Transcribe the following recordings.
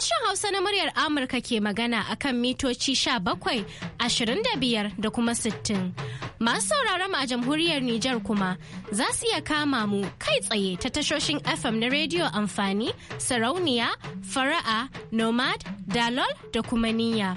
Sashen Hausa na muryar Amurka ke magana a kan mitoci bakwai ashirin da biyar da kuma sittin Masu sauraron a jamhuriyar Nijar kuma za su iya kama mu kai tsaye ta tashoshin FM na rediyo amfani, sarauniya, fara'a, nomad, dalol da kuma niyya.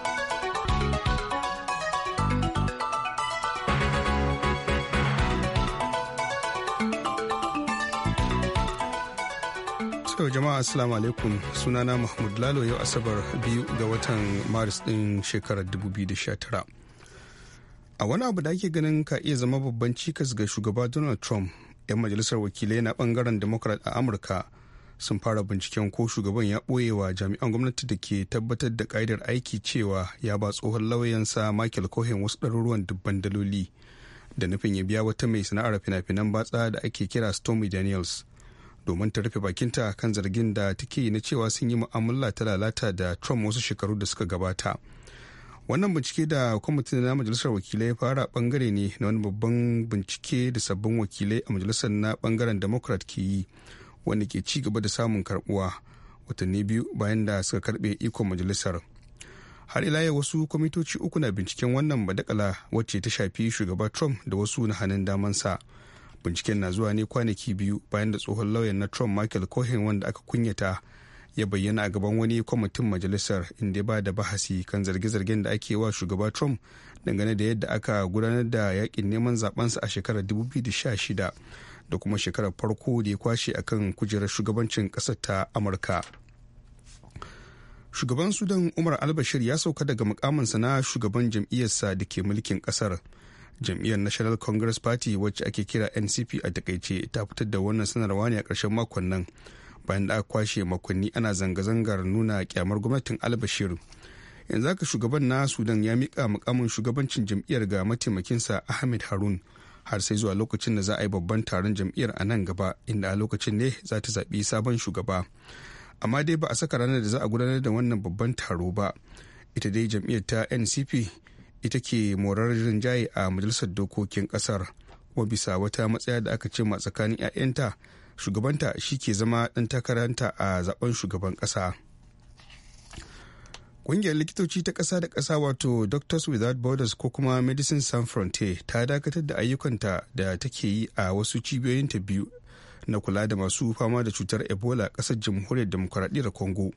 To jama'a assalamu alaikum sunana Mahmud Lalo yau Asabar biyu ga watan Maris ɗin shekarar 2019. A wani abu da ake ganin ka iya zama babban cikas ga shugaba Donald Trump, 'yan majalisar wakilai na bangaren Democrat a Amurka sun fara binciken ko shugaban ya ɓoye wa jami'an gwamnati da ke tabbatar da ka'idar aiki cewa ya ba tsohon lauyansa Michael Cohen wasu ɗaruruwan dubban daloli da nufin ya biya wata mai sana'ar fina-finan batsa da ake kira Stormy Daniels. domin ta rufe bakinta kan zargin da take na cewa sun yi mu'amala ta lalata da trump wasu shekaru da suka gabata wannan bincike da kwamitin na majalisar wakilai ya fara bangare ne na wani babban bincike da sabbin wakilai a majalisar na bangaren democrat ke yi wanda ke ci gaba da samun karbuwa watanni biyu bayan da suka karbe ikon majalisar har ila yau wasu kwamitoci uku na binciken wannan badakala wacce ta shafi shugaba trump da wasu na hannun damansa. sa binciken na zuwa ne kwanaki biyu bayan da tsohon lauyan na trump michael cohen wanda aka kunyata ya bayyana a gaban wani kwamitin majalisar inda ya ba da bahasi kan zarge-zargen da ake wa shugaba trump dangane da yadda aka gudanar da yakin neman zabensa a shekarar 2016 da kuma shekarar farko da ya kwashe a kan kujerar shugabancin ƙasar ta amurka shugaban sudan umar albashir ya sauka daga mukaminsa na shugaban jam'iyyarsa da ke mulkin kasar. jam'iyyar national congress party wacce ake kira ncp a takaice ta fitar da wannan sanarwa ne a ƙarshen makon nan bayan da aka kwashe makonni ana zanga-zangar nuna kyamar gwamnatin albashir yanzu haka shugaban na sudan ya mika mukamin shugabancin jam'iyyar ga mataimakinsa ahmed harun har sai zuwa lokacin da za a yi babban taron jam'iyyar a nan gaba inda a lokacin ne za ta zaɓi sabon shugaba amma dai ba a saka ranar da za a gudanar da wannan babban taro ba ita dai jam'iyyar ta ncp ita ke morar rinjaye a majalisar dokokin kasar kuma bisa wata matsaya da aka ce tsakanin 'ya'yanta shugabanta shi ke zama ɗan takaranta a zaben shugaban ƙasa ƙungiyar likitoci ta ƙasa da ƙasa wato doctors without borders ko kuma medicine sans frontier ta dakatar da ayyukanta da take yi a wasu cibiyoyinta biyu na kula da masu fama da cutar ebola ƙasar jamhuriyar demokuraɗiyyar congo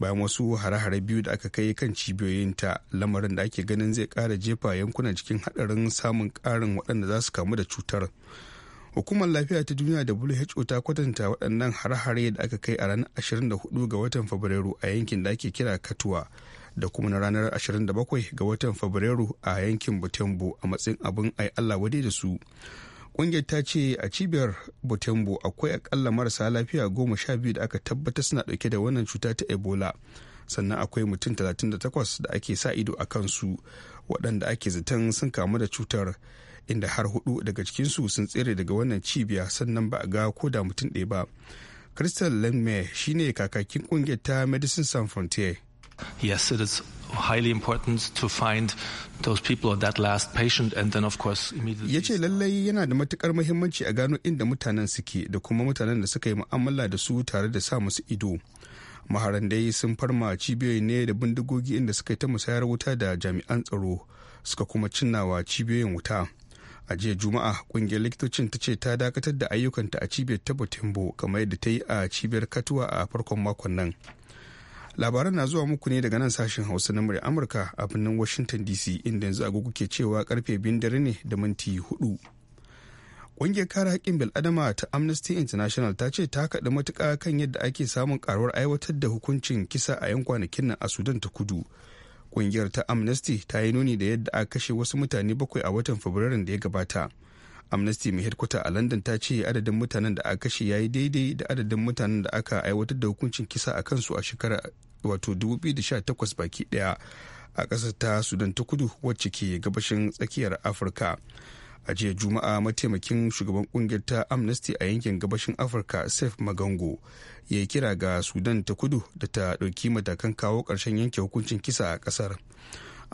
bayan wasu hare-hare biyu da aka kai kan cibiyoyin ta lamarin da ake ganin zai kara jefa yankuna cikin hadarin samun karin waɗanda za su kamu da cutar hukumar lafiya ta duniya da who ta kwatanta waɗannan hare-hare da aka kai a ranar 24 ga watan fabrairu a yankin da ake kira katuwa da kuma na ranar 27 ga watan fabrairu a yankin butembo a matsayin abin ai allah wade da su kungiyar ta ce a cibiyar Butembo akwai akalla marasa lafiya goma sha biyu da aka tabbatar suna ɗauke da wannan cuta ta Ebola. Sannan akwai mutum 38 da ake sa ido a kansu waɗanda ake zaton sun kamu da cutar inda har hudu daga cikinsu sun tsere daga wannan cibiya sannan ba a ga ko da mutum ɗaya ba. Crystal Lemme shine kakakin kungiyar ta Medicine Sans frontiere Yes, it is highly important to find those people or that last patient and then of course immediately. Ya ce lallai yana da matukar muhimmanci a gano inda mutanen suke da kuma mutanen da suka yi mu'amala da su tare da sa musu ido. Maharan sun farma cibiyoyi ne da bindigogi inda suka yi ta musayar wuta da jami'an tsaro suka kuma cinnawa cibiyoyin wuta. a jiya juma'a kungiyar likitocin ta ce ta dakatar da ayyukanta a cibiyar ta kamar yadda ta yi a cibiyar katuwa a farkon makon nan. labaran na zuwa muku ne daga nan sashen hausa na murya amurka a birnin washington dc inda yanzu agogo ke cewa karfe biyun dare ne da minti hudu ƙungiyar kare haƙƙin bil'adama ta amnesty international ta ce ta kaɗi matuƙa kan yadda ake samun ƙaruwar aiwatar da hukuncin kisa a 'yan kwanakin nan a sudan ta kudu ƙungiyar ta amnesty ta yi nuni da yadda aka kashe wasu mutane bakwai a watan fabrairun da ya gabata amnesty mai hedkwata a london ta ce adadin mutanen da aka kashe ya yi daidai da adadin mutanen da aka aiwatar da hukuncin kisa a kansu a shekara wato 2018 baki daya a ƙasar ta sudan ta kudu wacce ke gabashin tsakiyar afirka a jiya juma'a mataimakin shugaban kungiyar ta amnesty a yankin gabashin afirka safe magango ya kira ga sudan ta kudu da ta ɗauki matakan kawo ƙarshen yanke hukuncin kisa a ƙasar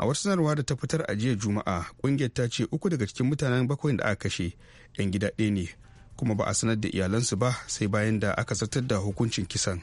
a wata sanarwa da ta fitar a jiya juma'a kungiyar ta ce uku daga cikin mutanen bakwai da aka kashe yan gida ɗaya ne kuma ba a sanar da iyalansu ba sai bayan da aka zartar da hukuncin kisan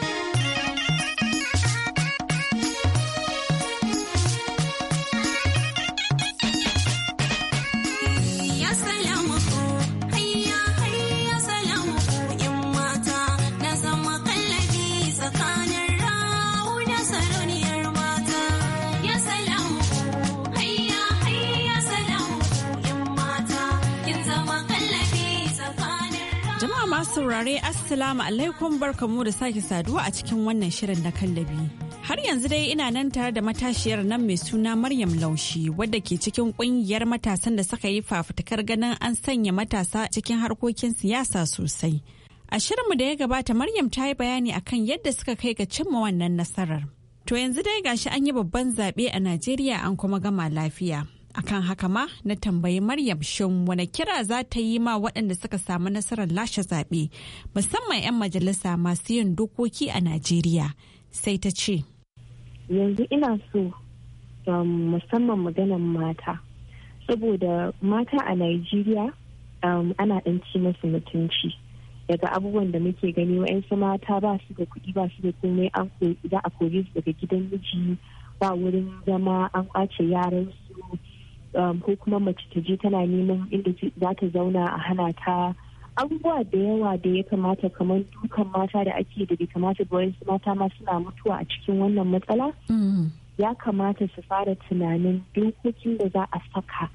saurare Assalamu alaikum barkamu da sake saduwa a cikin wannan shirin na kallabi. Har yanzu dai ina nan tare da matashiyar nan mai suna Maryam Laushi wadda ke cikin kungiyar matasan da suka yi fafutukar ganin an sanya matasa cikin harkokin siyasa sosai. A shirinmu da ya gabata Maryam ta yi bayani akan yadda suka kai ga cimma wannan nasarar. To yanzu dai gashi an yi babban zaɓe a Najeriya an kuma gama lafiya. akan haka ma na tambayi maryam shin wani kira za ta yi ma waɗanda suka samu nasarar lashe zaɓe musamman 'yan majalisa masu yin dokoki a najeriya sai ta ce yanzu ina so um, musamman maganan mata saboda mata a najeriya um, ana ɗan masu mutunci daga abubuwan da muke gani wa'yansu mata ba su da kuɗi ba su da komai za a kore su daga gidan miji ba wurin zama an ƙwace yaransu Um, ko kuma mace ta je tana neman inda za ta zauna a hana ta abubuwa da yawa da ya kamata kamar dukan mata da ake da bai kamata ba wasu mata ma suna mutuwa a cikin wannan matsala mm. ya kamata su fara tunanin dokokin da za a saka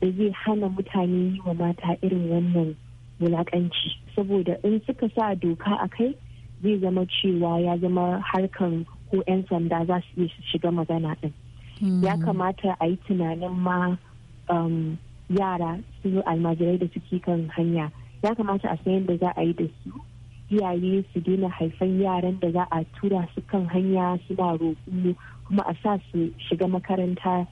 da zai hana mutane yi wa mata irin wannan wulakanci saboda in suka sa doka a kai zai zama cewa ya zama harkan ko 'yan sanda za su iya shiga magana ɗin. Mm-hmm. ya kamata a yi tunanin ma um, yara su almajirai da suke kan hanya ya kamata a san da za a yi da su iyaye su daina haifan yaran da za a tura su kan hanya suna roƙo kuma a sa su shiga makaranta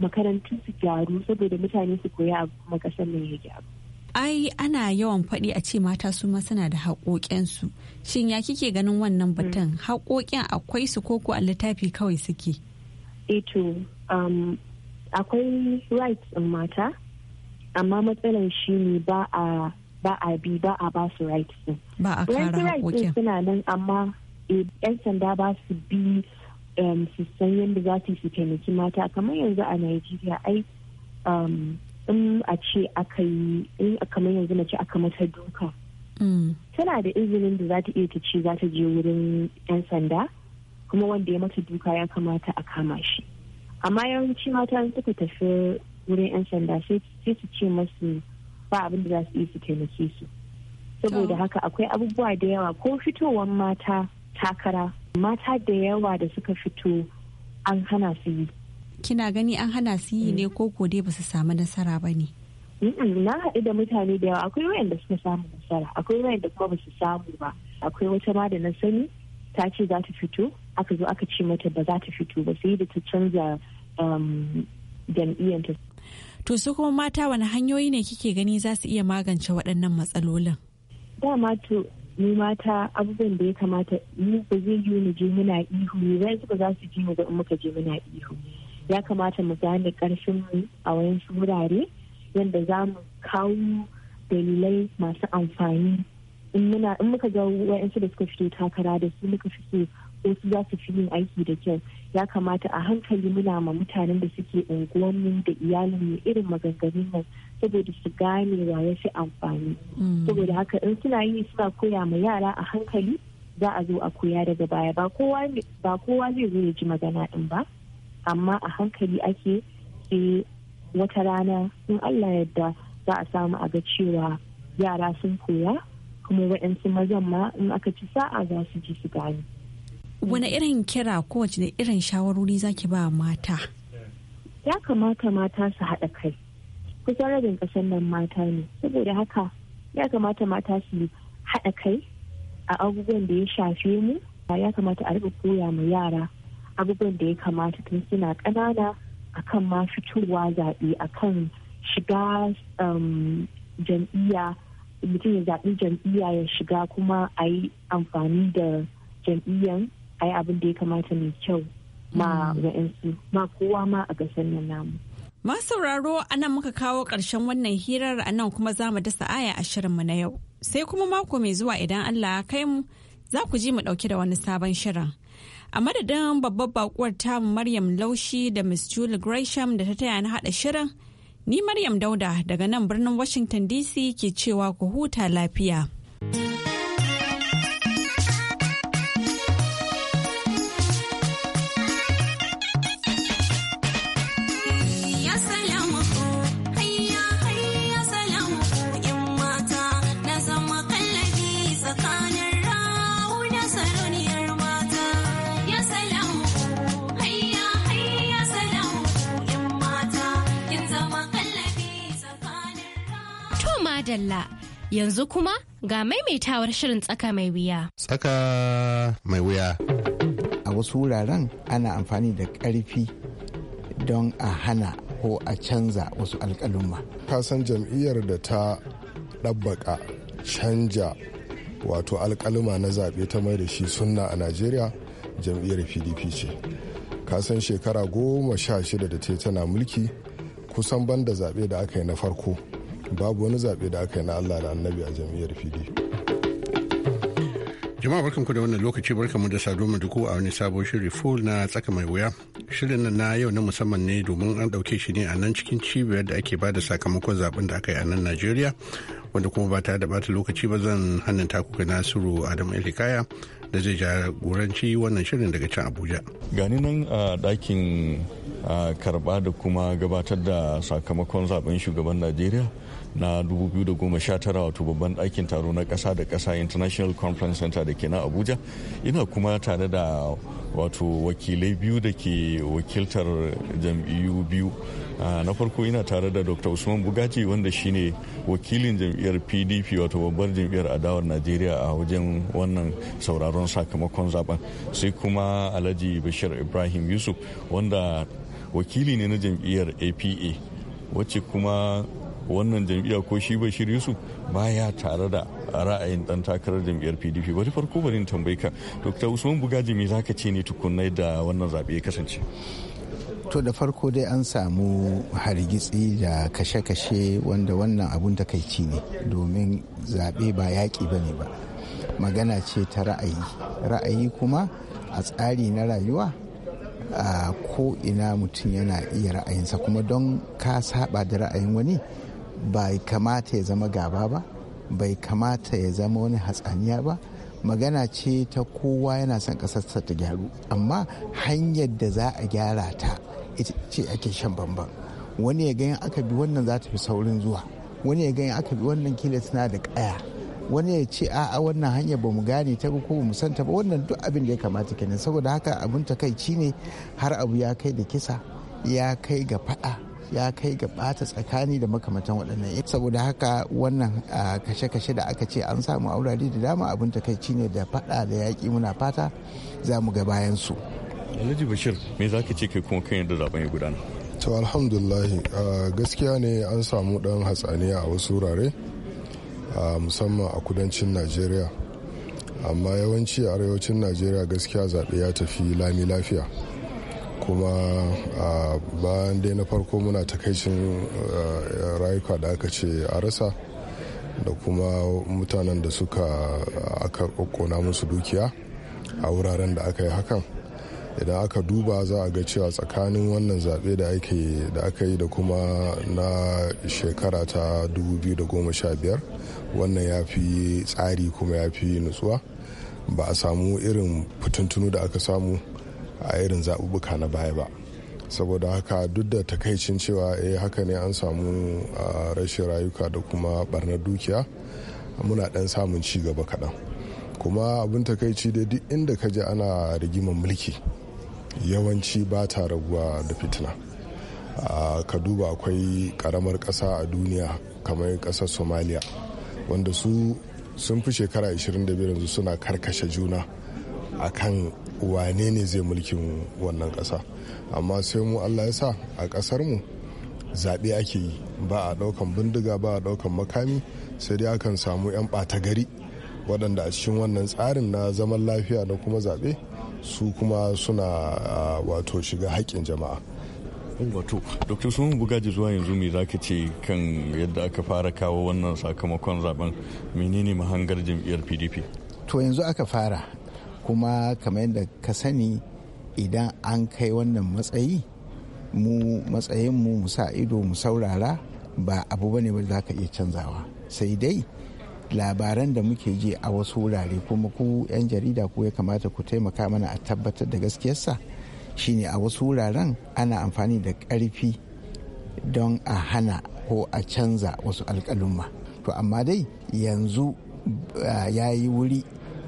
makarantu su gyaru saboda mutane su koya a kuma ƙasar mai ya gyaru ai ana yawan faɗi a ce mata su ma suna da haƙoƙensu shin ya kike ganin wannan batun mm. haƙoƙin akwai su koko a littafi kawai suke ito eh um, akwai rights in mata amma matsalar shi ne ba a ba a bi ba a ba su rights din ba a kara din suna nan amma yan eh, sanda ba su bi um, su san yadda za su su taimaki mata kamar yanzu a Najeriya ai um, in a ce aka yi in kamar yanzu mace aka mata duka mm. tana da izinin da za ta iya ta ce za ta je wurin yan sanda kuma wanda ya mata duka ya kamata a kama shi amma yawanci mata suka tafi wurin 'yan sanda sai su ce masu ba abin da za su yi su taimake su saboda haka akwai abubuwa da yawa ko fitowar mata takara mata da yawa da suka fito an hana su yi kina gani an hana su yi ne mm. ko ko dai ba samu nasara ba ne na haɗu da mutane da yawa akwai wayanda suka samu nasara akwai wayanda kuma basu samu ba akwai wata ma da na sani ta ce za ta fito aka zo aka ce mata ba za ta fito ba sai da ta canza um, jam'iyyanta. To su kuma mata wani hanyoyi ne kike gani za su iya magance waɗannan matsalolin? Dama to ni mata abubuwan da ya kamata mu ba zai yi mu je muna ihu ne zai zuba za su ji mu in muka je muna ihu. Ya kamata mu gane ƙarfin mu a wayansu wurare yadda za mu kawo dalilai masu amfani in muna in muka ga wa'yansu da suka fito takara da su muka fito wasu za su fi yin aiki da kyau ya kamata a hankali muna ma mutanen da suke unguwanni da iyalin mu irin maganganun nan saboda su gane wa ya fi amfani mm. saboda haka in suna yi suna koya ma yara a hankali za a zo a koya daga baya ba kowa zai zo ya ji magana din ba amma a hankali ake sai wata rana in allah yadda za a samu a ga cewa yara sun koya kuma waɗansu mazan ma in aka ci sa'a za su ji su gani. wani irin kira kowace da irin shawarori zaki ba mata ya kamata mata su haɗa kai kusan rabin ƙasar nan mata ne saboda haka ya kamata mata su haɗa kai a abubuwan da ya shafe mu ya kamata a riƙa koya ma yara abubuwan da ya kamata tun suna ƙanana akan ma fitowa zaɓe kan shiga um, jam'iyya mutum ya zaɓi jam'iyya ya shiga kuma a yi amfani da jam'iyyan a yi abin da ya kamata mai kyau ma mm. wa'yansu ma kowa ma a gasar nan namu. sauraro a nan muka kawo ƙarshen wannan hirar a nan kuma za mu dasa aya a shirin mu na yau. Sai kuma mako mai zuwa idan Allah ya kai mu za ku ji mu ɗauki da wani sabon shirin. A madadin babbar bakuwar tamu Maryam Laushi da Miss Julie Gresham da ta taya na haɗa shirin. Ni Maryam Dauda daga nan birnin Washington DC ke cewa ku huta lafiya. madalla yanzu kuma ga maimaitawar shirin tsaka mai wuya. Tsaka mai wuya. A wasu wuraren ana amfani da ƙarfi don a hana ko a canza wasu alƙalumma. Kasan jam'iyyar da ta ɗabbaka canja wato alƙaluma na zaɓe ta mai da shi sunna a Najeriya jam'iyyar PDP ce. Kasan shekara goma sha shida da ta tana mulki kusan banda zaɓe da aka yi na farko. babu wani zaɓe da aka yi na allah da annabi a jam'iyyar fili. jama'a barkanku da wannan lokaci mu da saduwa duku a wani sabon shirin full na tsaka mai wuya shirin nan na yau na musamman ne domin an ɗauke shi ne a nan cikin cibiyar da ake bada sakamakon zaben da aka yi a nan najeriya wanda kuma ba tare da bata lokaci ba zan hannun takuka nasiru adam elikaya da zai jagoranci wannan shirin daga can abuja gani nan a dakin. a karba da kuma gabatar da sakamakon zaben shugaban najeriya na 2019 wato babban ɗakin taro na ƙasa da ƙasa international conference center da ke na abuja ina kuma tare da wato wakilai biyu da ke wakiltar jam'iyyu biyu na farko ina tare da dr usman bugaji wanda shine wakilin jam'iyyar pdp wato babbar jam'iyyar adawar najeriya a wajen wannan sauraron sakamakon zaben sai kuma alhaji bashir ibrahim yusuf wanda wakili ne na jam'iyyar apa wacce kuma wannan jam'iyyar ko shi bashir su baya tare da ra'ayin dan takarar jam'iyyar pdp bari farko bari tambayi ka dr usman bugaji me zaka ce ne tukunna da wannan zaɓe ya kasance to da farko dai an samu hargitsi da kashe-kashe wanda wannan abun takaici ne domin zaɓe ba yaƙi ba ne ba magana ce ta ra'ayi ra'ayi kuma a tsari na rayuwa a ko ina mutum yana iya ra'ayinsa kuma don ka saba da ra'ayin wani bai kamata ya zama gaba ba bai kamata ya zama wani hatsaniya ba magana ce ta kowa yana son ƙasarsa ta gyaru amma hanyar da za a gyara ta ita ce ake shan bamban wani ya ganyen aka bi wannan za ta fi saurin zuwa wani ya ganyen aka bi wannan kila suna da ƙaya wani ya ce a'a wannan hanyar ba mu gane ta ko mu santa ba wannan duk abin da ya kamata kenan saboda haka abin takaici ne har abu ya kai da kisa ya kai ga fada ya kai ga bata tsakani da makamantan waɗannan saboda haka wannan kashe-kashe da aka ce an samu aurari da dama abin ci ne da fada da yaƙi muna fata za mu ga bayan su alhaji bashir me za ka ce kai kuma kan yadda zaben ya gudana to alhamdulillah gaskiya ne an samu ɗan hatsaniya a wasu wurare musamman a kudancin najeriya amma yawanci a arewacin najeriya gaskiya zaɓe ya tafi lami lafiya kuma bayan dai na farko muna takaicin rayuka da aka ce a rasa da kuma mutanen da suka aka kokona musu dukiya a wuraren da aka yi hakan idan aka duba za a ga cewa tsakanin wannan zaɓe da aka yi da kuma na shekara ta 2015 wannan ya fi tsari kuma ya fi nutsuwa ba a samu irin fitintunu da aka samu a irin zaɓuɓɓuka na baya ba saboda haka duk da takaicin cewa eh haka ne an samu rashin rayuka da kuma barnar dukiya muna ɗan samun ci gaba kaɗan kuma abin takaici da duk inda ka je ana rigimar mulki yawanci ba ta raguwa da fitina ka duba akwai ƙaramar ƙasa a duniya kamar ƙasar somaliya wanda su sun fi shekara 25 yanzu suna karkashe juna a kan wane ne zai mulkin wannan ƙasa amma sai mu allah ya sa a mu zaɓe ake yi ba a ɗaukan bindiga ba a ɗaukan makami sai dai akan samu 'yan ɓata gari waɗanda a cikin wannan tsarin na zaman lafiya da kuma zaɓe su kuma suna ah, wato shiga haƙƙin jama'a wato dr sun bugaji zuwa yanzu me za ce kan yadda aka fara kawo wannan sakamakon zaben menene mahangar jam'iyyar pdp to yanzu aka fara kuma kamar yadda ka sani idan an kai wannan matsayi mu matsayin mu sa ido mu saurara ba abu bane ba za ka iya canzawa sai dai labaran da muke ji a wasu wurare kuma ku 'yan jarida ku ya kamata ku taimaka mana a tabbatar da gaskiyarsa shine a wasu wuraren ana amfani da ƙarfi don a hana ko a canza wasu alƙalumma to amma dai yanzu ya yi wuri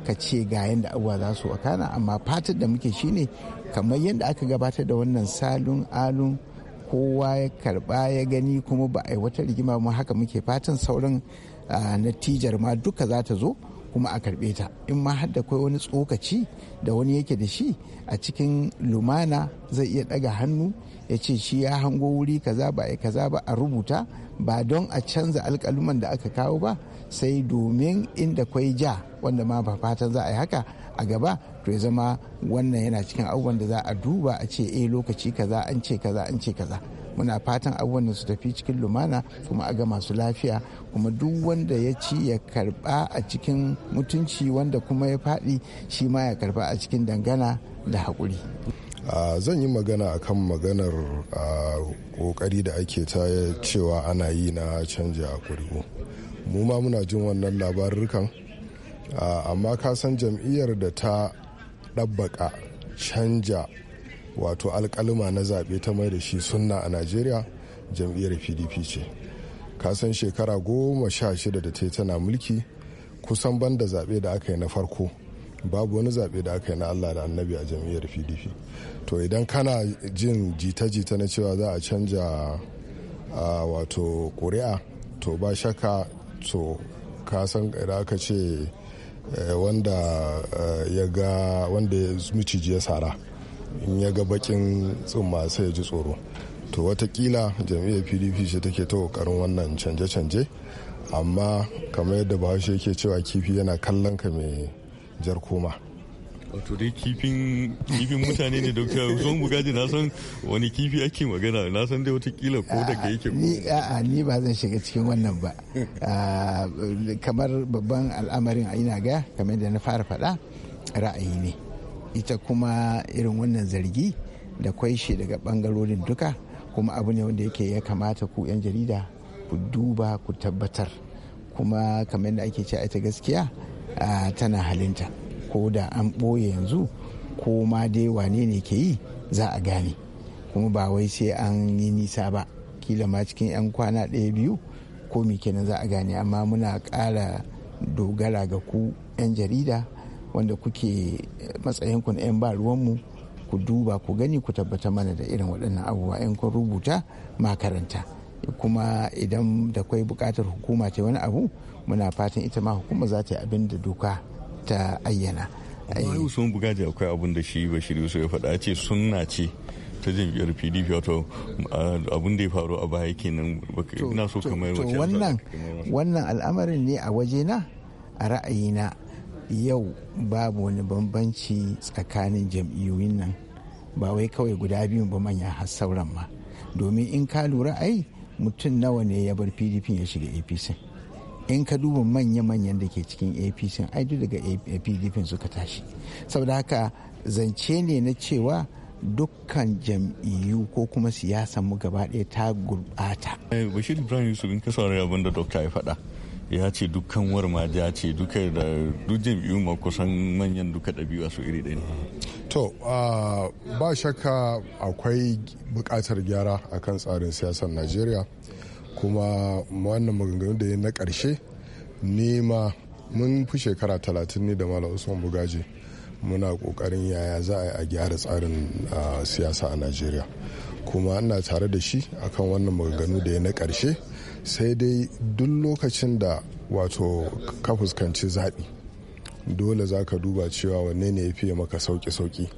ka ce ga yadda abuwa za su wakana amma fatar da muke shine kamar yadda aka gabatar da wannan salun alun kowa ya karba ya gani kuma ba a yi wata rigima mu haka muke fatan sauran natijar ma duka za ta zo kuma a karbe ta in ma har da kai wani tsokaci da wani yake da shi a cikin lumana zai iya ɗaga hannu ya ce shi ya hango wuri kaza ba a kaza ba a rubuta ba don a canza alkaluman da aka kawo ba sai domin inda kwai ja wanda ma ba fatan za a yi haka a gaba to ya zama wannan yana cikin abubuwan da za a duba a ce eh lokaci kaza an ce kaza an ce kaza muna fatan abubuwan da su tafi cikin lumana kuma a ga masu lafiya kuma duk wanda ya ci ya karba a cikin mutunci wanda kuma ya faɗi shi ma ya karba a cikin dangana da haƙuri. zan yi magana a kan maganar ƙoƙari da ake ta cewa ana yi na canja kuri'u mu ma muna jin wannan labarukan amma ka san jam'iyyar da ta ɗabbaka canja wato alkalima na zaɓe ta mai da shi sunna a najeriya jam'iyyar pdp ce kasan shekara goma sha shida da ta yi tana mulki kusan banda zaɓe da aka yi na farko babu wani zaɓe da aka yi na allah da annabi a jam'iyyar pdp to idan kana jin jita-jita na cewa za a canja wato ƙuri'a to ba shaka to kasan da aka ce eh, wanda eh, ya ga wanda ya sara in ya ga bakin tsumma sai ya ji tsoro to watakila jam'iyyar pdp ce take ta kokarin wannan canje-canje amma kamar yadda bahaushe yake cewa kifi yana kallon ka mai jar koma wato dai kifin mutane ne dokta son bugaji na san wani kifi ake magana na san dai watakila ko daga yake ni a'a ni ba zan shiga cikin wannan ba ah, kamar babban al'amarin ina ga kamar da na fara faɗa ra'ayi ne ita kuma irin wannan zargi da kwai shi daga bangarorin duka kuma abu ne wanda yake ya kamata ku 'yan jarida ku duba ku tabbatar kuma kamar da ake cewa ita gaskiya tana halinta ko da an ɓoye yanzu ko ma dai wane ne ke yi za a gane kuma ba wai sai an yi nisa ba kila ma cikin 'yan kwana ɗaya biyu ko kenan za a gane amma muna ƙara dogara ga ku 'yan jarida wanda kuke eh, matsayinku na 'yan ba ruwanmu ku duba ku gani ku tabbata mana da irin waɗannan abubuwa 'yan kun rubuta makaranta kuma idan da kwai buƙatar hukuma ta wani abu muna fatan ita ma hukuma za ta yi abin da doka ta ayyana. amma sun bugaji akwai abin da shi bashir yusuf ya faɗa ce sunna ce ta jam'iyyar pdp wato abin da ya faru a baya kenan ina so kamar wannan wannan al'amarin ne a wajena a ra'ayina yau babu wani bambanci tsakanin jam'iyyoyin nan ba wai kawai guda biyu ba manya har sauran ma domin in ka lura ai mutum nawa ne ya bar pdp ya shiga apc in ka duba manya-manyan da ke cikin apc ai duk daga pdp suka tashi saboda haka zance ne na cewa dukkan jam'iyyu ko kuma siyasa mu gaba ɗaya ta gurɓata. Eh, bashir ibrahim yusuf in ka saurari abin da dokta ya faɗa ya ce dukkan warma ya ce duka da duk biyu ma kusan manyan duka ɗabi'a su iri ɗaya to ba shakka akwai buƙatar gyara akan tsarin siyasar najeriya kuma wannan maganganu da ya na ƙarshe nema mun fi shekara talatin ne da malam usman bugaje muna ƙoƙarin yaya za a yi a gyara tsarin siyasa a najeriya kuma ana tare da shi akan wannan maganganu da ya na ƙarshe sai dai duk lokacin da wato ka fuskanci zaɓi dole za ka duba cewa wanne ne ya fiye maka sauƙi-sauƙi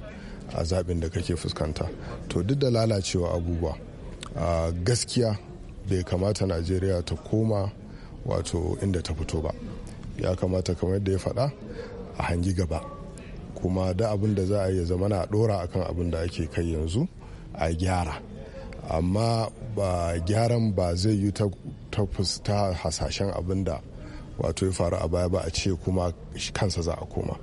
a zaɓin da kake fuskanta to duk da lalacewa abubuwa a gaskiya bai kamata najeriya ta koma wato inda ta fito ba ya kamata kamar da ya faɗa a hangi gaba kuma da abin da za a yi zama a ɗora akan abin da ake kai yanzu a gyara amma ba gyaran ba zai yi ta hasashen abin da wato ya faru a baya ba a ce kuma kansa za a koma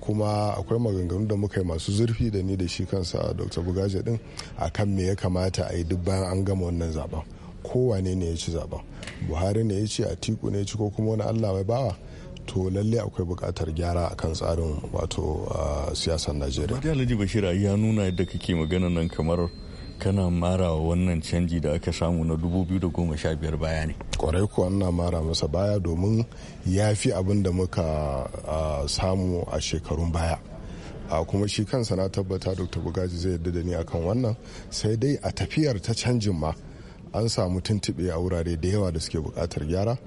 kuma akwai maganganu da muka yi masu zurfi da ni da shi kansa dr bugaje din a kan me ya kamata a yi duk bayan an gama wannan zaben kowane ne ya ci zaben buhari ne ya ci tiku ne ya ci ko kuma wani allah mai bawa to lalle akwai bukatar gyara a kan tsarin wato siyasar najeriya ayi ya nuna yadda kake magana nan kamar kana mara wannan canji da aka samu na 2015 baya ne kwarai kuwa ana mara masa baya domin ya fi abin da muka samu a shekarun baya a kuma shi kansa na tabbata dr bugaji zai yarda da ni akan wannan sai dai a tafiyar ta canjin ma an samu tuntuɓe a wurare da yawa da suke buƙatar gyara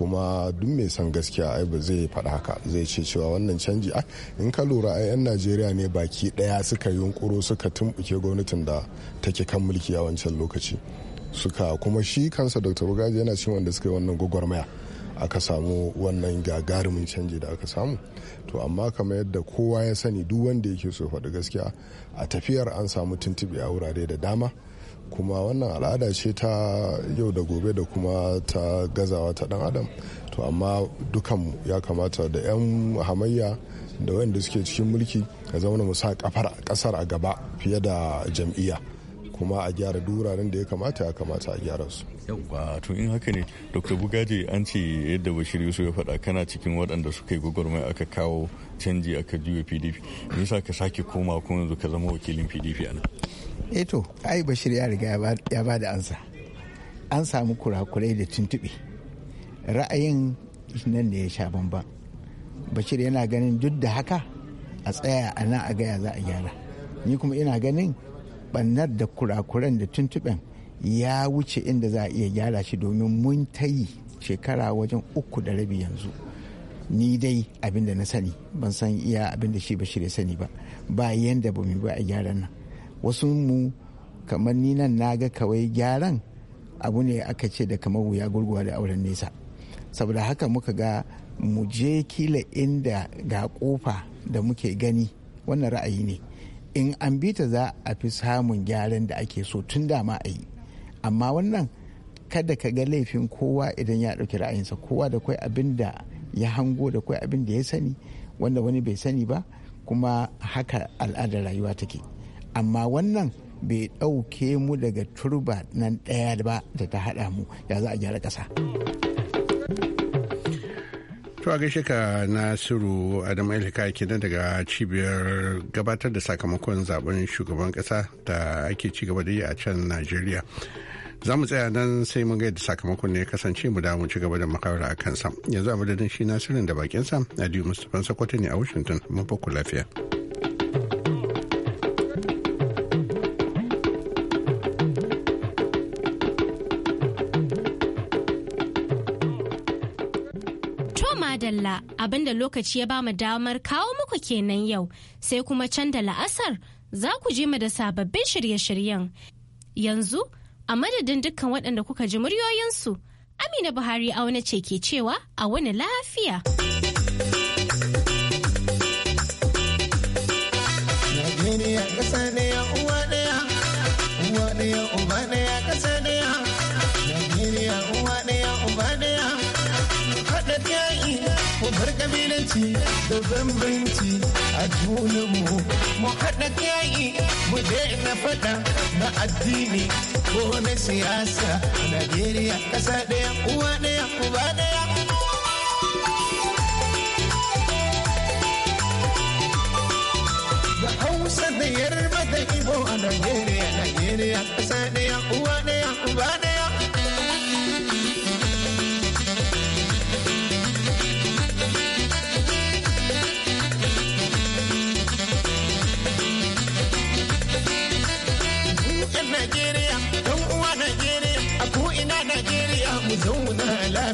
kuma duk mai san gaskiya ai ba zai faɗa haka zai ce cewa wannan canji ai in ka lura ai yan najeriya ne baki ɗaya suka yunkuro suka tumbuke gwamnatin da take kan mulki a wancan lokaci suka kuma shi kansa dr bugaji yana cin wanda suka yi wannan gwagwarmaya aka samu wannan gagarumin canji da aka samu to amma kamar yadda kowa ya sani duk wanda yake so faɗi gaskiya a tafiyar an samu tuntuɓe a wurare da dama kuma wannan al'ada ce ta yau da gobe da kuma ta gazawa ta dan adam to amma dukan ya kamata da 'yan hamayya da wayanda suke cikin mulki ka zauna mu sa kafar kasar a gaba fiye da jam'iyya kuma a gyara duraren da ya kamata ya kamata a gyara su. Yawwa tun in haka ne Dr. Bugaje an ce yadda Bashir Yusuf ya faɗa kana cikin waɗanda suka yi gwagwarmaya aka kawo canji aka juya PDP. Me yasa ka sake koma kuma yanzu ka zama wakilin PDP a nan? Eh to ai Bashir ya riga ya ba da ansa. An samu kurakurai da tuntuɓe. Ra'ayin nan ne ya sha bamban. Bashir yana ganin duk da haka a tsaya a nan a gaya za a gyara. Ni kuma ina ganin ɓannar da kurakuran da tuntuɓen ya wuce inda za a iya gyara shi domin mun ta yi shekara wajen uku da rabi yanzu ni dai abin da na sani ban san iya abin da shi ba shirya sani ba ba yanda ba mu ba a gyaran nan wasu mu kamar ni nan na ga kawai gyaran abu ne aka ce da kamar wuya gurguwa da auren nesa saboda haka muka ga mu je kila inda ga kofa da muke gani wannan ra'ayi ne in an bi ta za a fi samun gyaran da ake so tun dama a yi amma wannan kada ka ga laifin kowa idan ya ɗauki ra'ayinsa kowa da kwai abin da ya hango da kai abin da ya sani wanda wani bai sani ba kuma haka al'adar rayuwa take amma wannan bai ɗauke mu daga turba nan ɗaya ba da ta haɗa mu ya za a gyara ƙasa. To a gaishe ka Nasiru Adamu Elika kenan daga cibiyar gabatar da sakamakon zaben shugaban kasa da ake ci gaba da yi a can Najeriya. Za mu tsaya nan sai mun da sakamakon ne ya kasance mu damu ci gaba da makawar a kansa. Yanzu a madadin shi Nasirin da bakinsa Adiyu Mustapha Sokoto ne a Washington mun lafiya. Allah abinda lokaci ya bamu damar kawo muku kenan yau sai kuma can da la'asar za ku je mu da sababbin shirye-shiryen. Yanzu a madadin dukkan waɗanda kuka ji muryoyinsu Amina Buhari auna ce ke cewa a wani lafiya. Najeriya ƙasa ne uwa ɗaya, uwa ɗaya uba ɗaya. da bambanci a junanmu mu haɗa yayi mu daina faɗa na addini ko na siyasa Najeriya ƙasa ɗaya uwa ɗaya uba ɗaya da Hausa da Yarba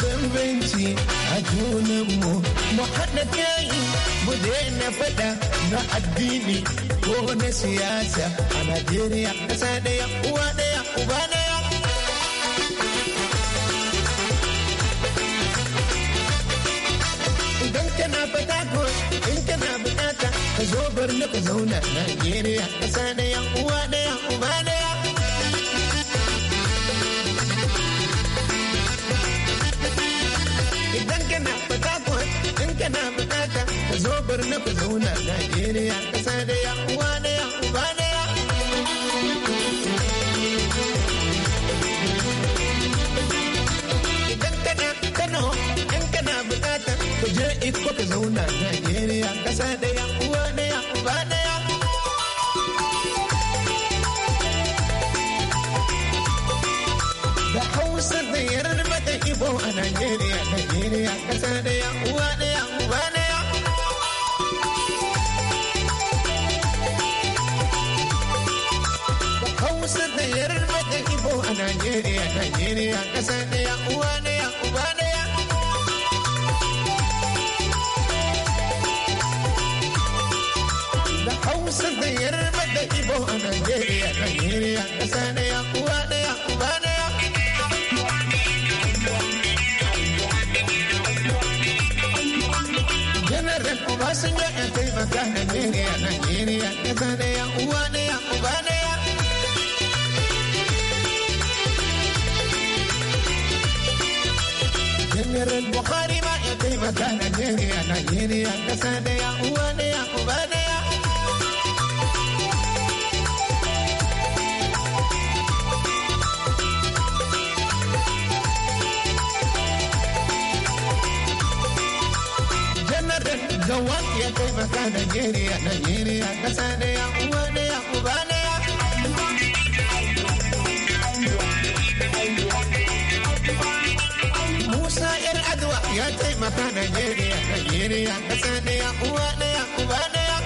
bambanci a junanmu mu haɗa kai mu daina faɗa na addini ko na siyasa a Najeriya ƙasa ɗaya uwa ɗaya uba ɗaya. Idan kana fata ko in kana bukata ka zo bar na ku zauna Najeriya ƙasa ɗaya uwa ɗaya uba ɗaya. bar na ku zauna Najeriya ƙasa daya uwa daya uba daya. Idan kana Kano in kana buƙatar ku je iko ka zauna Najeriya ƙasa daya. ko a Najeriya, ya taimaka Najeriya, Najeriya, ƙasa uwa uba ma ya Gawat ya kai baka Najeriya, Najeriya kasa daya, uwa ya uba daya. Musa ‘yar adwa ya taimaka Najeriya, ya kasa daya, uwa daya, uba daya.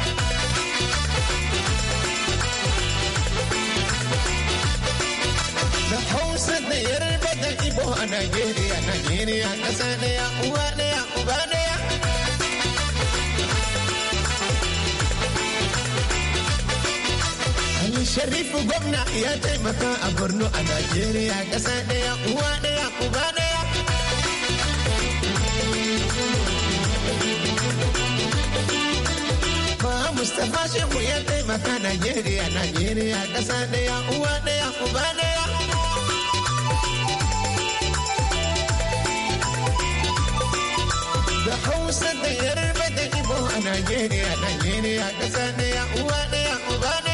Da Hausa da Yarba da Ibo a Najeriya, Najeriya kasa uwa Atiku gwamna ya taimaka a Borno a Najeriya kasa daya uwa ɗaya uba ɗaya. Mustapha Shehu ya taimaka Najeriya, Najeriya kasa daya uwa ɗaya uba daya Da Hausa da Yarba da Ibo a Najeriya, Najeriya kasa daya uwa ɗaya uba daya